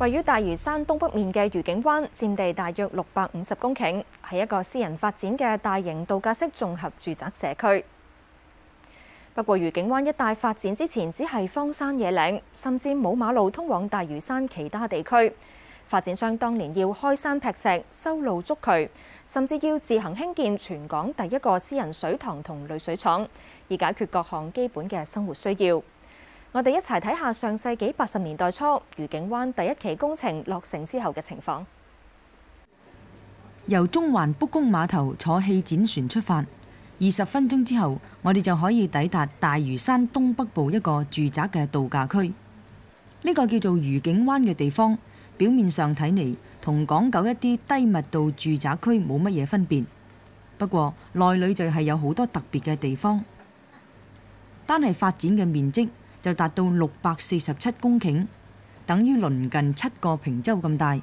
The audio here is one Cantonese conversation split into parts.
位於大嶼山東北面嘅愉景灣，佔地大約六百五十公頃，係一個私人發展嘅大型度假式綜合住宅社區。不過愉景灣一帶發展之前，只係荒山野嶺，甚至冇馬路通往大嶼山其他地區。發展商當年要開山劈石、修路築渠，甚至要自行興建全港第一個私人水塘同濾水廠，以解決各項基本嘅生活需要。我哋一齊睇下上世紀八十年代初愉景灣第一期工程落成之後嘅情況。由中環卜公碼頭坐汽展船出發，二十分鐘之後，我哋就可以抵達大嶼山東北部一個住宅嘅度假區。呢個叫做愉景灣嘅地方，表面上睇嚟同港九一啲低密度住宅區冇乜嘢分別，不過內裏就係有好多特別嘅地方，單係發展嘅面積，就達到六百四十七公頃，等於鄰近七個坪洲咁大。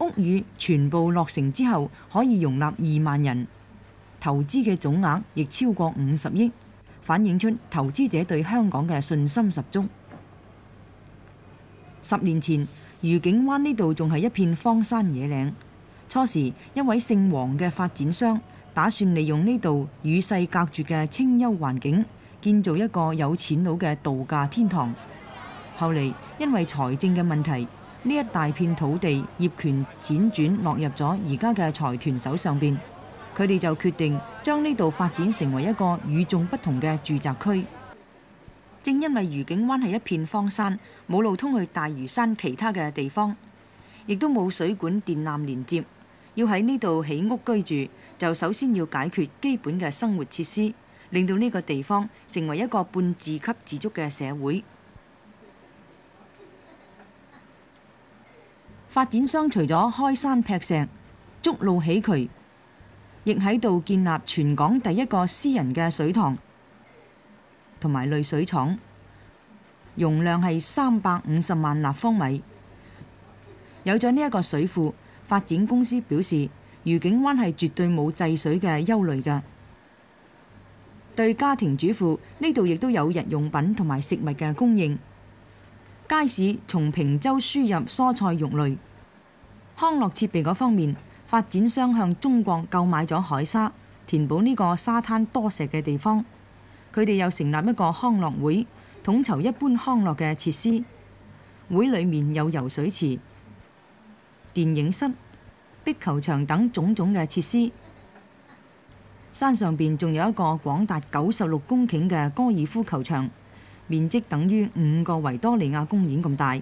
屋宇全部落成之後，可以容納二萬人。投資嘅總額亦超過五十億，反映出投資者對香港嘅信心十足。十年前，愉景灣呢度仲係一片荒山野嶺。初時，一位姓黃嘅發展商打算利用呢度與世隔絕嘅清幽環境。建造一個有錢佬嘅度假天堂。後嚟，因為財政嘅問題，呢一大片土地業權輾轉落入咗而家嘅財團手上邊，佢哋就決定將呢度發展成為一個與眾不同嘅住宅區。正因為愉景灣係一片荒山，冇路通去大嶼山其他嘅地方，亦都冇水管電纜連接，要喺呢度起屋居住，就首先要解決基本嘅生活設施。令到呢個地方成為一個半自給自足嘅社會。發展商除咗開山劈石、築路起渠，亦喺度建立全港第一個私人嘅水塘同埋濾水廠，容量係三百五十萬立方米。有咗呢一個水庫，發展公司表示愉景灣係絕對冇制水嘅憂慮㗎。對家庭主婦，呢度亦都有日用品同埋食物嘅供應。街市從坪洲輸入蔬菜肉類。康樂設備嗰方面，發展商向中國購買咗海沙，填補呢個沙灘多石嘅地方。佢哋又成立一個康樂會，統籌一般康樂嘅設施。會裡面有游水池、電影室、壁球場等種種嘅設施。山上邊仲有一個廣達九十六公頃嘅高爾夫球場，面積等於五個維多利亞公園咁大。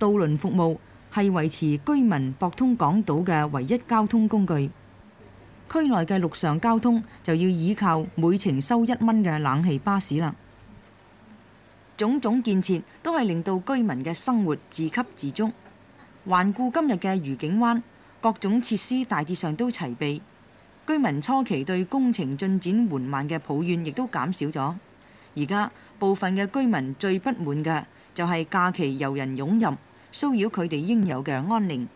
渡輪服務係維持居民駁通港島嘅唯一交通工具，區內嘅陸上交通就要依靠每程收一蚊嘅冷氣巴士啦。種種建設都係令到居民嘅生活自給自足。環顧今日嘅愉景灣，各種設施大致上都齊備。居民初期對工程進展緩慢嘅抱怨亦都減少咗，而家部分嘅居民最不滿嘅就係假期遊人湧入，騷擾佢哋應有嘅安寧。